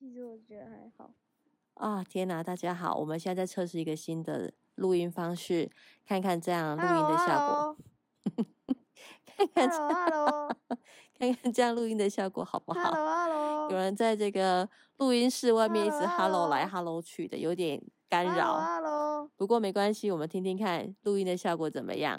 其實我覺得還好。啊、哦，天哪！大家好，我們現在在測試一個新的錄音方式，看看這樣錄音的效果。Hello, hello. 看看這樣，hello, hello. 看看這樣錄音的效果好不好？Hello, hello. 有人在這個錄音室外面一直 Hello 來 Hello 去的，有點干擾。Hello, hello. 不過沒關係，我們聽聽看錄音的效果怎麼樣。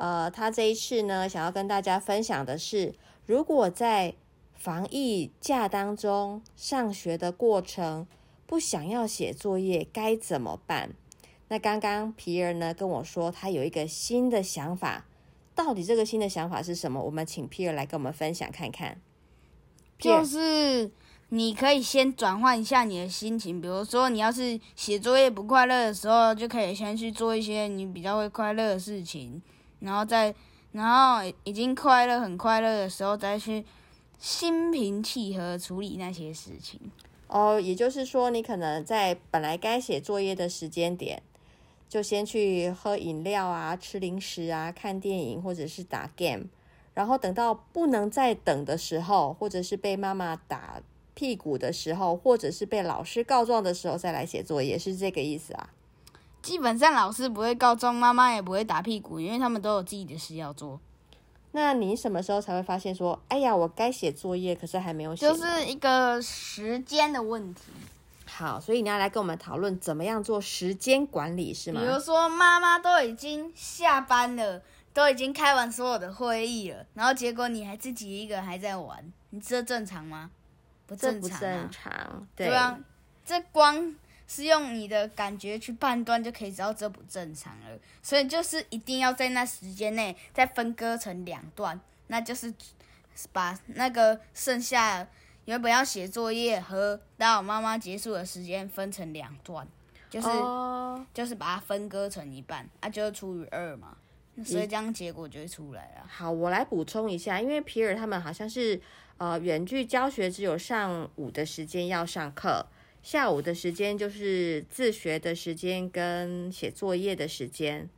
呃，他這一次呢，想要跟大家分享的是，如果在防疫假當中上學的過程不想要寫作業該怎麼辦？那剛剛 Pierre 呢跟我說，他有一個新的想法，到底這個新的想法是什麼？我們請 Pierre 來跟我們分享看看。就是你可以先轉換一下你的心情，比如說你要是寫作業不快樂的時候，就可以先去做一些你比較會快樂的事情。然後再，然後已經快樂很快樂的時候，再去心平氣和處理那些事情。哦，也就是說，你可能在本來該寫作業的時間點，就先去喝飲料啊、吃零食啊、看電影或者是打 game，然後等到不能再等的時候，或者是被媽媽打屁股的時候，或者是被老師告狀的時候，再來寫作業，是這個意思啊？基本上老師不會告狀，媽媽也不會打屁股，因為他們都有自己的事要做。那你什麼時候才會發現說，哎呀，我該寫作業可是還沒有寫？就是一個時間的問題。好，所以你要來跟我們討論怎麼樣做時間管理是嗎？比如說媽媽都已經下班了，都已經開完所有的會議了，然後結果你還自己一個人還在玩，你這正常嗎？不正常啊。不正常。對啊，這光。是用你的感覺去判斷，就可以知道這不正常了。所以就是一定要在那時間內再分割成兩段，那就是把那個剩下的原本要寫作業和到我媽媽結束的時間分成兩段，就是就是把它分割成一半，啊，那就是除以二嘛。所以這樣結果就會出來了。哦。好，我來補充一下，因為皮爾他們好像是呃，遠距教學只有上午的時間要上課。下午的時間就是自學的時間跟寫作業的時間，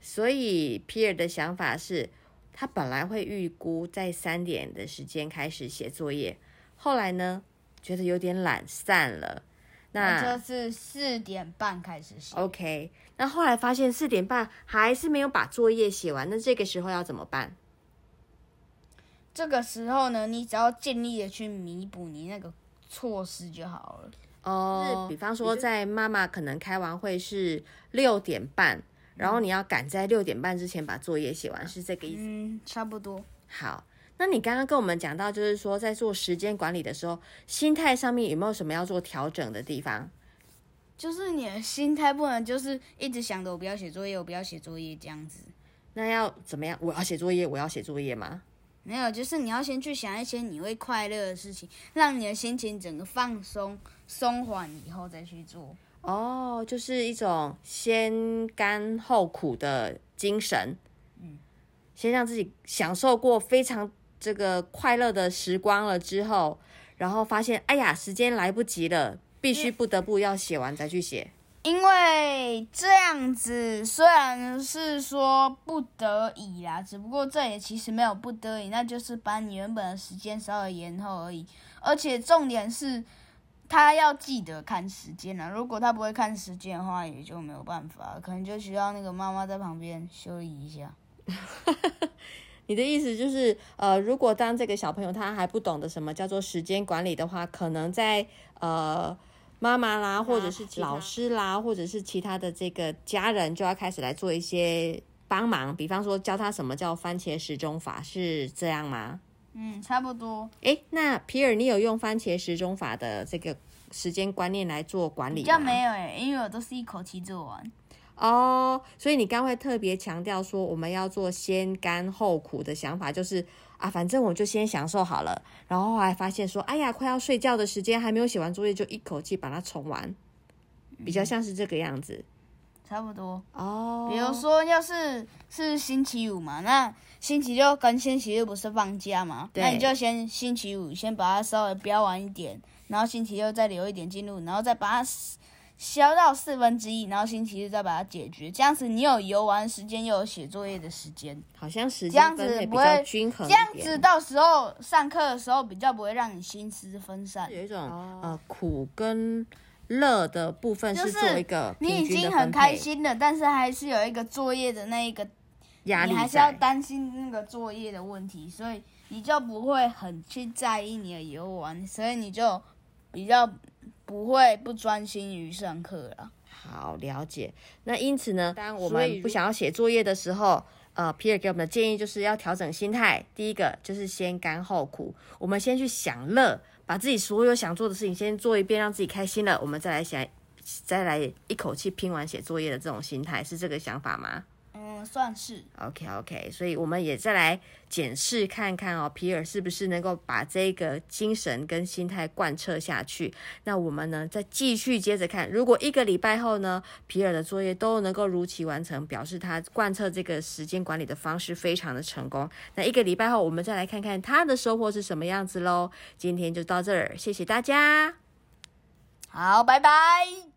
所以 Pierre 的想法是，他本來會預估在三點的時間開始寫作業，後來呢覺得有點懶散了，那這是四點半開始寫。OK，那後來發現四點半還是沒有把作業寫完，那這個時候要怎麼辦？這個時候呢，你只要盡力的去彌補你那個措施就好了。哦，是比方說，在媽媽可能開完會是六點半，然後你要趕在六點半之前把作業寫完，嗯，是這個意思？嗯，差不多。好，那你剛剛跟我們講到，就是說在做時間管理的時候，心態上面有沒有什麼要做調整的地方？就是你的心態不能就是一直想着我不要寫作業，我不要寫作業這樣子。那要怎麼樣？我要寫作業，我要寫作業嗎？沒有，就是你要先去想一些你會快樂的事情，讓你的心情整個放鬆、鬆緩，以後再去做。哦，就是一種先甘後苦的精神。嗯，先讓自己享受過非常這個快樂的時光了之後，然後發現哎呀，時間來不及了，必須不得不要寫完再去寫。因為這樣子雖然是說不得已啦，只不過這也其實沒有不得已，那就是把你原本的時間稍微延後而已。而且重點是他要記得看時間啦，如果他不會看時間的話，也就沒有辦法，可能就需要那個媽媽在旁邊修理一下。 你的意思就是，呃，如果當這個小朋友他還不懂得什麼叫做時間管理的話，可能在呃。媽媽啦，或者是老師啦，或者是其他的這個家人，就要開始來做一些幫忙。比方說，教他什麼叫番茄時鐘法，是這樣嗎？嗯，差不多。哎、欸，那皮爾，你有用番茄時鐘法的這個時間觀念來做管理嗎？要沒有欸，因為我都是一口氣做完。哦、oh,，所以你剛會特別強調說，我們要做先甘後苦的想法，就是啊，反正我們就先享受好了，然後還發現說，哎呀，快要睡覺的時間還沒有寫完作業，就一口氣把它衝完，比較像是這個樣子，差不多哦。Oh, 比如說，要是是星期五嘛，那星期六跟星期日不是放假嘛，那你就先星期五先把它稍微標完一點，然後星期六再留一點進度，然後再把它。消到四分之一，然後星期日再把它解決，這樣子你有遊玩時間，又有寫作業的時間，好像時間分配比較均衡，這樣子不會，這樣子到時候上課的時候比較不會讓你心思分散。有一種啊、哦呃，苦跟樂的部分是做一個，就是、你已經很開心了，但是還是有一個作業的那一個壓力，你還是要擔心那個作業的問題，所以你就不會很去在意你的遊玩，所以你就比較。不會不專心於上課了。好，了解，那因此呢，當我們不想要寫作業的時候，呃，Pierre 給我們的建議就是要調整心態。第一個就是先甘後苦，我們先去享樂，把自己所有想做的事情先做一遍，讓自己開心了，我們再來想，再來一口氣拼完寫作業的這種心態，是這個想法嗎？算是 OK OK，所以我們也再來檢視看看哦，Pierre 是不是能夠把這個精神跟心態貫徹下去？那我們呢，再繼續接着看。如果一個禮拜後呢，Pierre 的作業都能夠如期完成，表示他貫徹這個時間管理的方式非常的成功。那一個禮拜後，我們再來看看他的收穫是什麼樣子嘍。今天就到這兒，謝謝大家，好，拜拜。